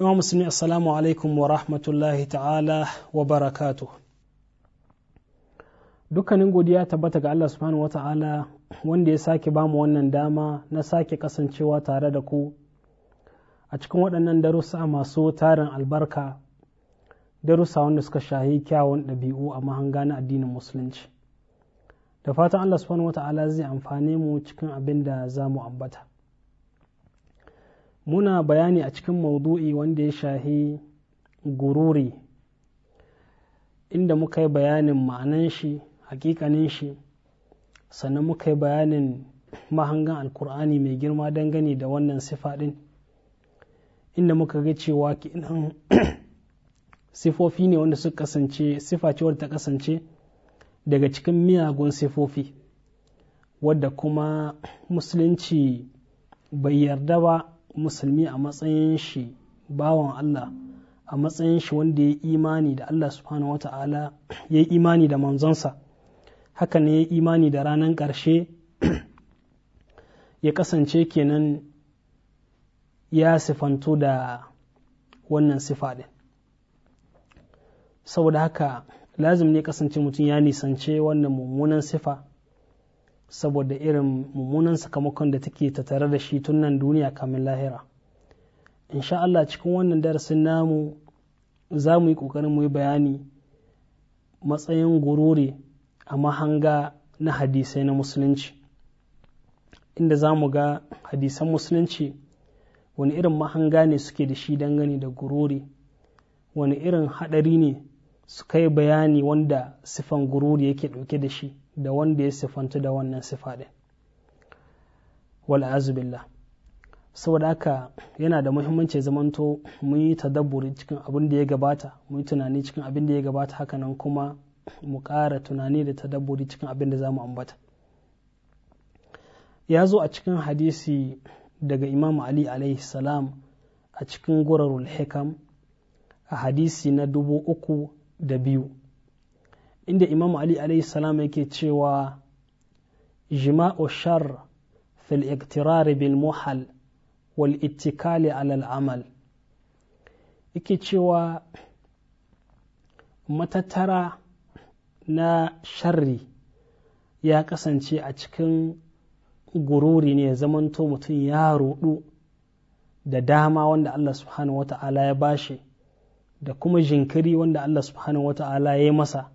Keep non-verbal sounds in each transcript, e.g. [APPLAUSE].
Imam Musulmi Assalamu alaikum wa rahmatullahi ta'ala wa barakatu. Dukkanin godiya tabbata ga Allah subhanahu wa ta'ala wanda ya sake bamu wannan dama na sake kasancewa tare da ku a cikin waɗannan darussa masu tarin albarka darussa wanda suka shahi kyawun ɗabi'u a mahanga na addinin musulunci. Da fatan Allah subhanahu wa ta'ala zai amfane mu cikin abin da za mu ambata. muna bayani a cikin maudu'i wanda ya shahi gururi inda muka yi bayanin ma'anan shi hakikanin shi sannan muka yi bayanin mahangan alkur'ani mai girma dangane da wannan sifa ɗin inda muka ga cewa kinan [COUGHS] sifofi ne wanda suka kasance sifa wadda ta kasance daga cikin miyagun sifofi wadda kuma musulunci bai yarda ba musulmi a matsayin shi bawan Allah a matsayin shi wanda ya imani da Allah subhanahu ta'ala ya imani da manzonsa haka ne ya imani da ranar ƙarshe ya kasance kenan ya sifanto da wannan sifa ɗin saboda haka lazim ne kasance mutum ya nisance wannan mummunan sifa saboda irin mummunan sakamakon da take tare da shi tun nan duniya kamin lahira insha Allah cikin wannan darasin namu za mu yi ƙoƙarin mu yi bayani matsayin gururi a mahanga na hadisai na musulunci inda za mu ga hadisan musulunci wani irin mahanga ne suke da shi dangane da gururi wani irin haɗari ne su kai bayani wanda sifan gururi yake ɗauke da shi da wanda ya sifanta da wannan sifa ɗin saboda haka yana da muhimmanci zamanto mun yi tadabburi cikin abin da ya gabata mun yi tunani cikin abin da ya gabata hakanan kuma mu ƙara tunani da tadabburi cikin abin da za mu ambata ya zo a cikin hadisi daga imam ali alaihi salam a cikin gurarul hikam a hadisi na dubu uku da biyu inda imam ali salam yake cewa jima'u shar fil iktirari bil muhal wal ittikali alal amal yake cewa matattara na sharri ya kasance a cikin gururi ne zamanto mutum ya rudu da dama wanda Allah subhanahu ta'ala ya bashi da kuma jinkiri wanda Allah subhanahu ta'ala ya yi masa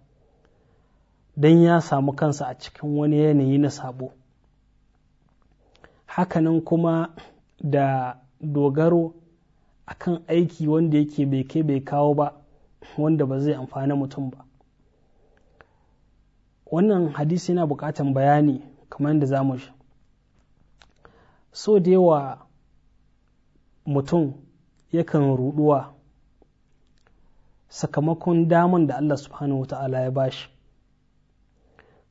don ya samu kansa a cikin wani yanayi na sabo hakanan kuma da dogaro akan aiki wanda yake bai kai bai kawo ba wanda ba zai amfani mutum ba wannan hadisi yana bukatan bayani kamar da zamu shi so da yawa mutum yakan ruduwa sakamakon daman da Allah subhanahu wa ta'ala ya bashi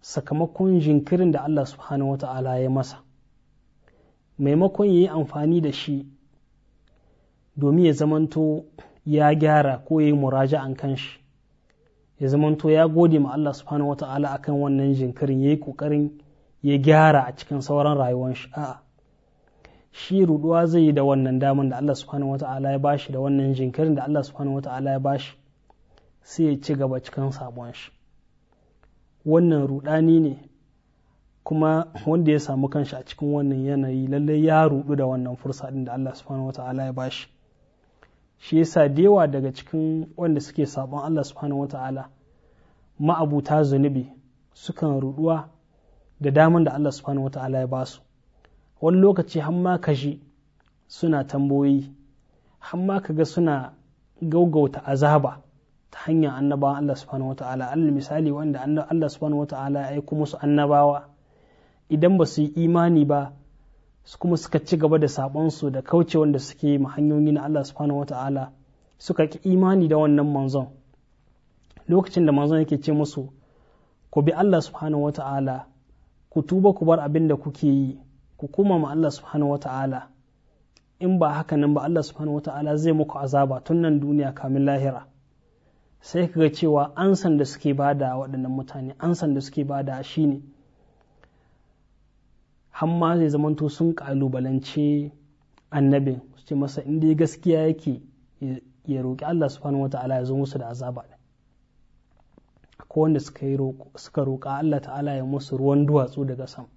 sakamakon jinkirin da Allah subhanahu wata'ala ya masa maimakon ya yi amfani da shi domin ya zamanto ya gyara ko ya yi muraja an kan shi ya zamanto ya gode ma Allah subhanahu wata'ala akan wannan jinkirin ya yi ƙoƙarin ya gyara a cikin sauran rayuwar shi a'a shi ruduwa zai yi da wannan damar da Allah subhanahu wata'ala ya bashi da wannan jinkirin da Allah subhanahu wata'ala ya bashi sai ya ci gaba cikin sabon shi wannan rudani ne kuma wanda ya samu kanshi a cikin wannan yanayi lallai ya rudu da wannan fursa din da Allah subhanahu wata'ala ya bashi shi yasa dewa daga cikin wanda suke sabon Allah subhanahu wata'ala ma'abuta zunubi sukan ruduwa da daman da Allah subhanahu wata'ala ya basu wani lokaci har ma kashi suna tamboyi har ma kaga suna gaugauta azaba ta hanyar annabawan Allah subhanahu ta'ala al misali wanda Allah subhanahu ta'ala ya aiko musu annabawa idan ba su yi imani ba kuma suka ci gaba da su da kauce wanda suke ma hanyoyi na Allah subhanahu ta'ala suka ki imani da wannan manzon lokacin da manzon yake ce musu ku bi Allah subhanahu ta'ala ku tuba ku bar abin da kuke yi ku kuma ma Allah subhanahu ta'ala in ba haka nan ba Allah subhanahu ta'ala zai muku azaba tun nan duniya kamin lahira sai ka ga cewa ansan da suke bada waɗannan mutane ansan da suke bada shi ne hamma zai zamanto sun ƙalubalance annabin su ce masa inda ya gaskiya yake ya roƙi Allah subhanahu wata'ala ya zo musu da azaba ne ko wanda suka roƙa Allah ta'ala ya musu ruwan duwatsu daga sama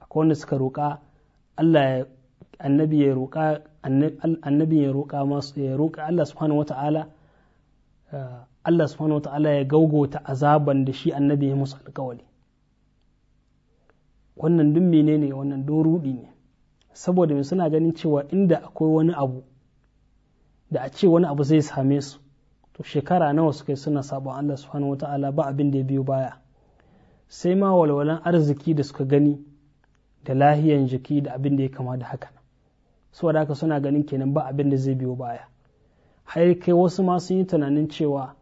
akwai wanda suka roƙa Allah ya annabi ya roƙa annabi ya roƙa masu ya roƙa Allah subhanahu wata'ala Eh, Allah subhanahu wa ta'ala ya gaugauta azaban da shi annabi ya musu alkawali wannan duk menene wannan don ne saboda mai suna ganin cewa inda akwai wani abu da a ce wani abu zai same su to shekara nawa suka yi suna sabon Allah subhanahu ta'ala ba abin da ya biyo baya sai ma walwalan arziki da suka gani da lahiyan jiki da abin da ya kama da haka saboda haka suna ganin kenan ba abin da zai biyo baya har kai wasu ma sun yi tunanin cewa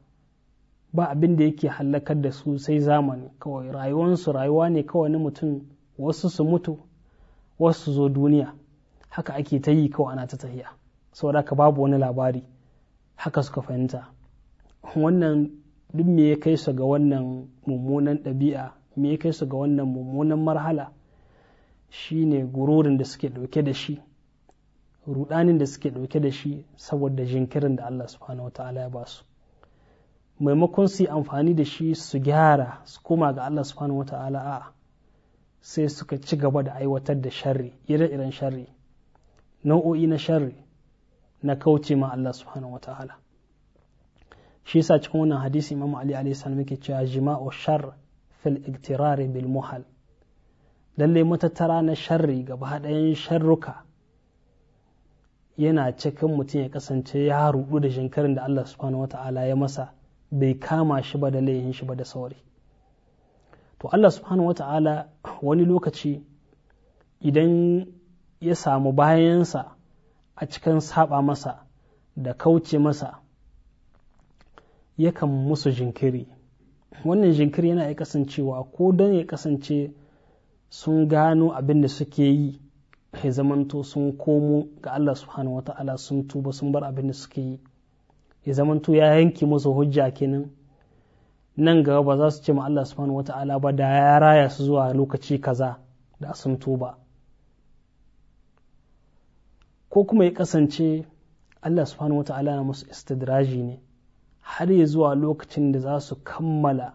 ba abin da yake hallakar da su sai zamani kawai rayuwansu rayuwa ne kawai na mutum wasu su mutu wasu su zo duniya haka ake ta yi kawai ana ta tahiya saboda ka babu wani labari haka suka fahimta wannan duk me ya kai su ga wannan mummunan ɗabi'a me ya kai su ga wannan mummunan marhala shine gururin da suke ɗauke da shi rudanin da suke ɗauke da shi saboda jinkirin da Allah subhanahu wa ta'ala ya basu maimakon su yi amfani da shi su gyara su koma ga Allah subhanahu wa ta'ala a sai suka ci gaba da aiwatar da sharri ire-iren sharri nau'o'i na sharri na kauce ma Allah subhanahu wa ta'ala shi yasa cikin wannan hadisi Imam Ali alayhi salam yake cewa jima'u shar fil iktirari bil muhal lalle matattara na sharri gaba ɗayan sharruka yana cikin mutum ya kasance ya rudu da shinkarin da Allah subhanahu wata'ala ya masa bai kama shi ba da laihin shi ba da sauri to Allah subhanahu wata'ala wani lokaci idan ya samu bayansa a cikin saba masa da kauce masa yakan musu jinkiri wannan jinkiri yana ya kasancewa ko don ya kasance sun gano abin da suke yi ya zamanto sun komo ga Allah subhanahu wa ta'ala sun tuba sun bar abin da suke yi ya zamanto ya yanke musu hujja kenan nan gaba ba za su ce ma Allah subhanahu wa ta'ala ba da ya raya su zuwa lokaci kaza da sun tuba ko kuma ya kasance Allah subhanahu wa ta'ala na musu istidraji ne har ya zuwa lokacin da za su kammala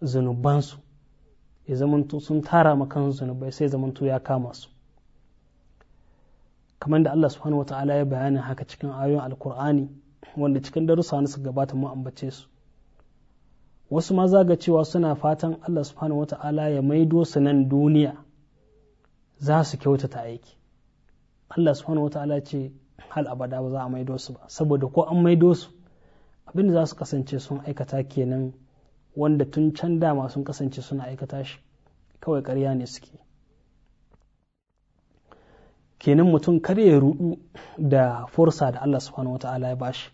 zunubansu ya zamanto sun tara makan zunubai sai zamanto ya kama su kamar da Allah subhanahu wata'ala ya bayanin haka cikin ayoyin alkur'ani wanda cikin darussa na su gabata mu ambace su wasu ma zaga cewa suna fatan Allah subhanahu wata'ala ya maido su nan duniya za su kyautata aiki Allah subhanahu wata'ala ce hal abada ba za a maido su ba saboda ko an maido su abinda za su kasance sun aikata kenan wanda tun can dama sun kasance suna aikata shi kawai ƙarya ne suke kenan mutum kar ya rudu da fursa da Allah subhanahu ta'ala ya bashi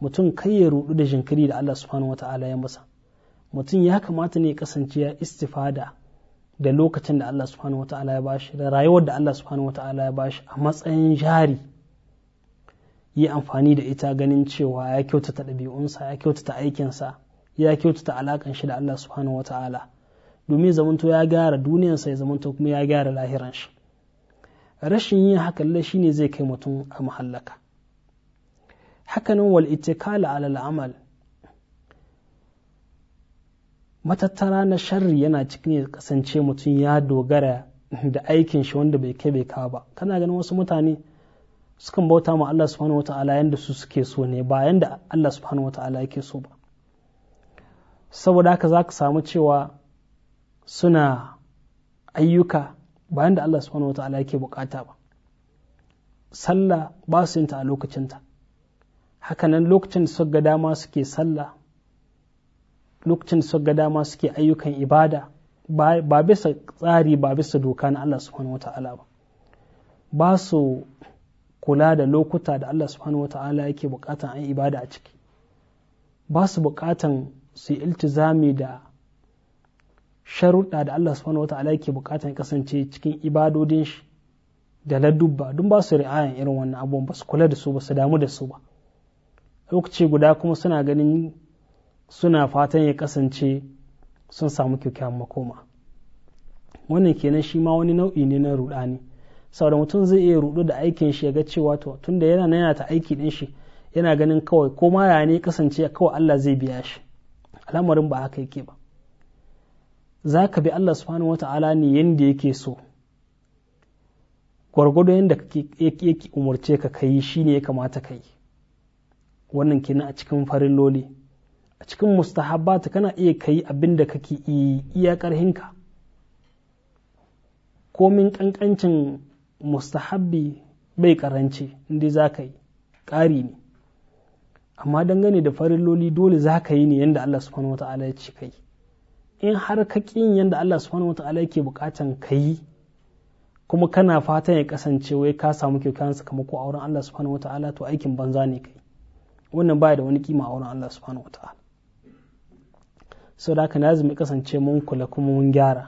mutum kar ya rudu da jinkiri da Allah subhanahu ta'ala ya masa mutum ya kamata ne a kasance ya istifada da lokacin da Allah subhanahu ta'ala ya bashi da rayuwar da Allah subhanahu ta'ala ya bashi a matsayin jari yi amfani da ita ganin cewa ya kyautata ɗabi'unsa ya kyautata aikinsa ya kyautata alakan shi da Allah subhanahu ta'ala domin zamanto ya gyara duniyarsa ya zamanto kuma ya gyara lahiran shi rashin yin hakan shi shine zai kai mutum a mahallaka hakanan wal ittikala ala amal matattara na sharri yana cikin kasance mutum ya dogara da aikin shi wanda bai kai bai kawo ba kana ganin wasu mutane sukan bauta ma Allah subhanahu wata'ala yanda su suke so ne ba yanda Allah subhanahu wata'ala yake so ba saboda haka za ka samu cewa suna ayyuka bayan da Allah subhanahu wataala yake bukata ba sallah ba su yinta a lokacinta hakanan lokacin da ga dama suke sallah lokacin da ga dama suke ayyukan ibada ba bisa tsari ba bisa doka na Allah subhanahu wataala ba ba su kula da lokuta da Allah subhanahu wataala yake bukatan an ibada a ciki ba su bukatan su yi iltizami da sharuɗa da Allah subhanahu wata'ala yake bukatan kasance cikin ibadodin shi da ladubba don ba su ri'ayan irin wannan abubuwan ba su kula da su ba su damu da su ba lokaci guda kuma suna ganin suna fatan ya kasance sun samu kyakkyawan makoma wannan kenan shi ma wani nau'i ne na ruɗa ne saboda mutum zai iya ruɗu da aikin shi ya ga cewa to tunda yana yana ta aiki din shi yana ganin kawai ko ma ya ne kasance kawai Allah zai biya shi al'amarin ba haka yake ba za ka bi Allah subhanahu wa ta'ala ne yadda yake so gwargwado yadda yake umarce ka kai shi ne ya kamata ka yi wannan na a cikin farin loli a cikin mustahabbata kana iya kai abin da kake iya ƙarhinka komin ƙanƙancin mustahabbi bai ƙaranci inda za ka yi ƙari ne amma dangane da farin loli dole za ka yi ne yadda Allah subhanahu wa ta'ala ya ce kai. in har ka ƙin yadda Allah subhanahu wa ta'ala yake bukatan ka yi kuma kana fatan ya kasance wai ka samu kyakkyawan sakamako a wurin Allah subhanahu wa ta'ala to aikin banza ne kai wannan baya da wani kima a wurin Allah subhanahu wa ta'ala sau da haka na lazumi kasance mun kula kuma mun gyara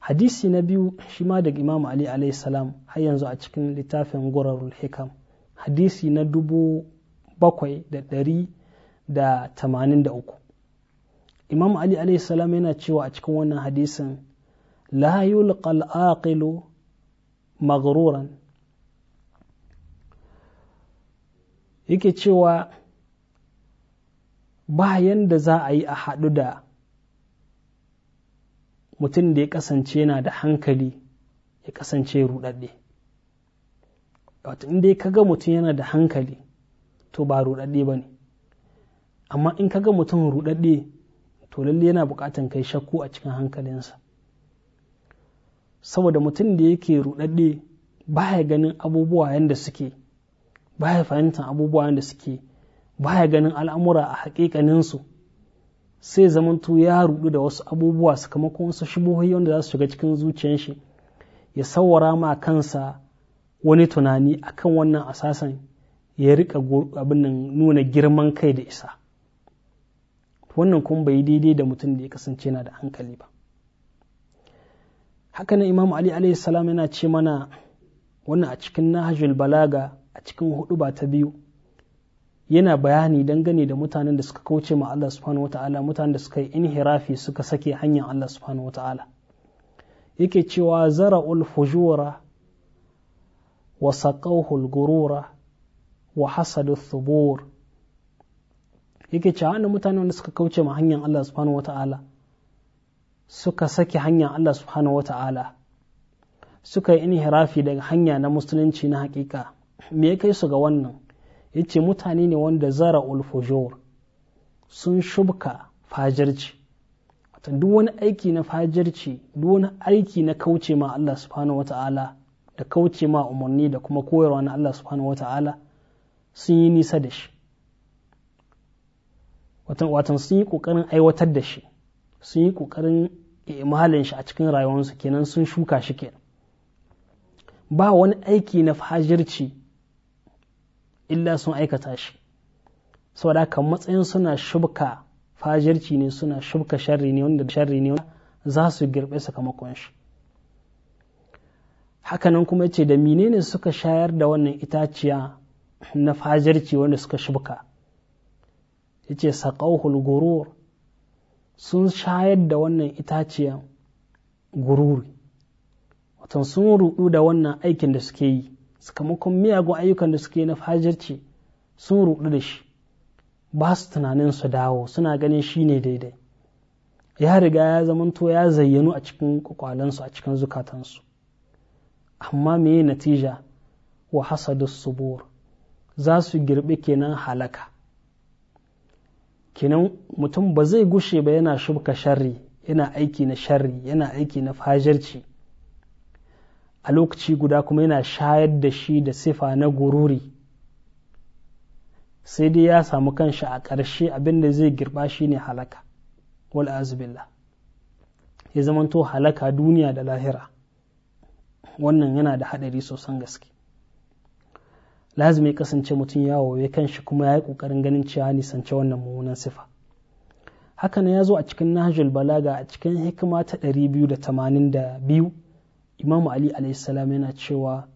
hadisi na biyu shi ma daga imam ali alayhi salam har yanzu a cikin littafin gurarul hikam hadisi na dubu bakwai da ɗari da tamanin da uku imam ali alaihi salam yana cewa a cikin wannan hadisin la yulqa al-aqilu maghruran yake cewa ba yanda za a yi a haɗu da mutum da ya kasance yana da hankali ya kasance ruɗaɗɗe wato inda dai kaga mutum yana da hankali to ba ruɗaɗɗe ba ne amma in kaga mutum ruɗaɗɗe to lalle yana buƙatar kai shakku a cikin hankalinsa saboda mutum da yake ruɗaɗɗe ya ganin abubuwa yadda suke ba ya fahimtar abubuwa yadda suke ba ya ganin al'amura a haƙiƙaninsu sai zamanto ya ruɗu da wasu abubuwa su sakamakon wasu shubuhoyi wanda za su shiga cikin zuciyar shi ya sawara ma kansa wani tunani akan wannan asasan ya riƙa abin nuna girman kai da isa wannan kuma bai daidai da mutum da ya kasance na da hankali ba haka nan imam ali alaihi salam yana ce mana wannan a cikin nahajul balaga a cikin hudu ba ta biyu yana bayani dangane da mutanen da suka kauce ma Allah subhanahu wata'ala mutanen da suka yi inhirafi suka sake hanyar Allah subhanahu wata'ala yake cewa zara'ul fujura wa saqawhul gurura wa hasadu thubur yake cewa wannan mutane wanda suka kauce ma hanyar Allah subhanahu wata'ala suka saki hanyar Allah subhanahu wata'ala suka yi inhirafi daga hanya na musulunci na hakika me ya kai su ga wannan yace mutane ne wanda zara ulfujur sun shubka fajirci wato duk wani aiki na fajirci duk wani aiki na kauce ma Allah subhanahu wata'ala da kauce ma umarni da kuma koyarwa na Allah subhanahu wata'ala sun yi nisa da shi watan sun yi ƙoƙarin aiwatar da shi sun yi ƙoƙarin mahalin shi a cikin rayuwarsu kenan sun shuka shi kenan ba wani aiki na fajirci illa sun aikata shi saboda haka matsayin suna shubka fajirci ne suna shubka sharri ne wanda sharri ne za su girbe sakamakon shi hakanan kuma ce da menene suka shayar da wannan itaciya na fajirci wanda suka shubka yace saƙauhul gurur sun shayar da wannan itaciyar gururi watan sun rudu da wannan aikin da suke yi sakamakon miyagun ayyukan da suke na fajirci sun rudu da shi ba su tunanin su dawo suna ganin shi ne daidai ya riga ya zamanto ya zayyanu a cikin kwakwalensu a cikin zukatansu amma me natija wa hasadu subur za su girbi kenan halaka kenan mutum ba zai gushe ba yana shubka sharri yana aiki na sharri yana aiki na fajarci a lokaci guda kuma yana shayar da shi da sifa na gururi sai dai ya samu kanshi a ƙarshe abin da zai girba shi ne halaka wal ya zamanto halaka duniya da lahira wannan yana da haɗari sosan gaske lazumi kasance mutum ya waye kanshi kuma ya yi ƙoƙarin ganin cewa nisance wannan mummunan sifa haka ya zo a cikin nahjul balaga a cikin hikima ta 282 imamu ali alaihissalam yana cewa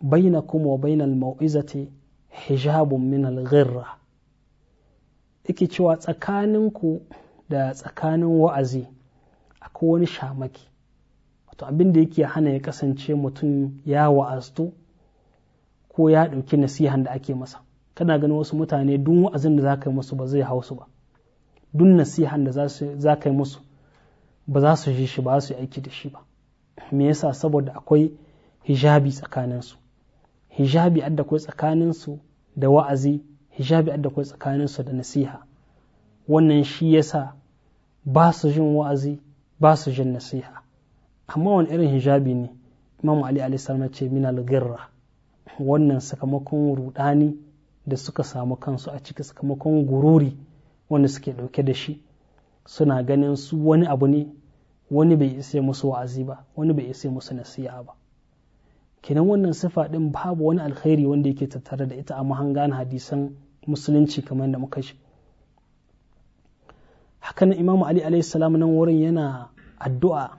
bainakum wa bainal mau'izati hijabun min al-ghirra yake cewa tsakaninku da tsakanin wa'azi akwai wani shamaki wato abin da yake hana ya kasance mutum ya wa'aztu ko ya ɗauki nasihan da ake masa kana ganin wasu mutane duk wa'azin da za ka yi musu ba zai hausu ba duk nasihan da za ka yi musu ba za su ji shi ba su yi aiki da shi ba me yasa saboda akwai hijabi tsakaninsu hijabi adda kwai tsakaninsu da wa'azi hijabi adda kwai tsakaninsu da nasiha wannan shi yasa ba su jin wa'azi ba su jin nasiha amma wani irin hijabi ne imam ali ya ce min al wannan sakamakon rudani da suka samu kansu a ciki sakamakon gururi wanda suke ɗauke da shi suna ganin su wani abu ne wani bai isa musu wa'azi ba wani bai isa musu nasiha ba kenan wannan sifa din babu wani alkhairi wanda yake tattare da ita a mahangan hadisan musulunci kamar da muka shi hakan imamu ali alayhi salam nan wurin yana addu'a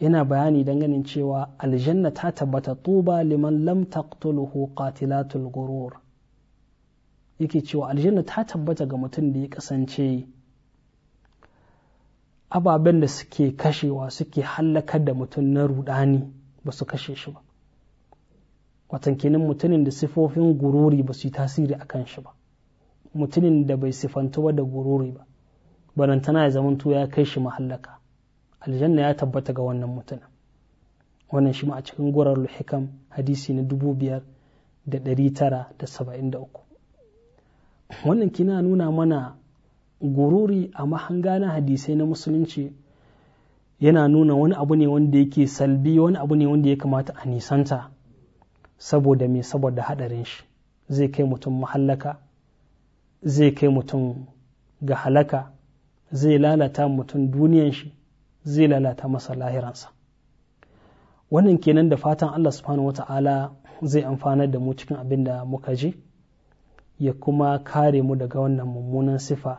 yana bayani ganin cewa aljanna ta tabbata tuba liman lam taqtuluhu qatilatul gurur yake cewa aljanna ta tabbata ga mutum da ya kasance ababen da suke kashewa suke hallakar da mutum na rudani ba su kashe shi ba watan kenan mutumin da sifofin gururi ba su yi tasiri a kan shi ba mutumin da bai sifantuwa da gururi ba barantana ya zamanto ya kai shi mahallaka aljanna ya tabbata ga wannan mutum wannan shi ma a cikin gurar hikam hadisi na dubu biyar da ɗari tara da saba'in da uku wannan kina nuna mana gururi a mahanga na hadisai na musulunci yana nuna wani abu ne wanda yake salbi wani abu ne wanda ya kamata a nisanta saboda mai saboda haɗarin shi zai kai mutum mahallaka zai kai mutum ga halaka zai lalata mutum duniyan shi zai lalata masa lahiransa wannan kenan da fatan Allah subhanahu ta'ala zai amfanar da mu cikin abin da muka ji ya kuma kare mu daga wannan mummunan sifa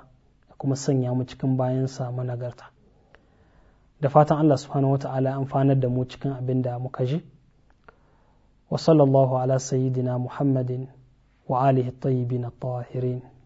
ya kuma sanya mu cikin bayansa managarta da fatan Allah subhanahu ta'ala amfanar da mu cikin abin da muka ji wa sallallahu ala sayyidina muhammadin wa alihi tayyibin at-tahirin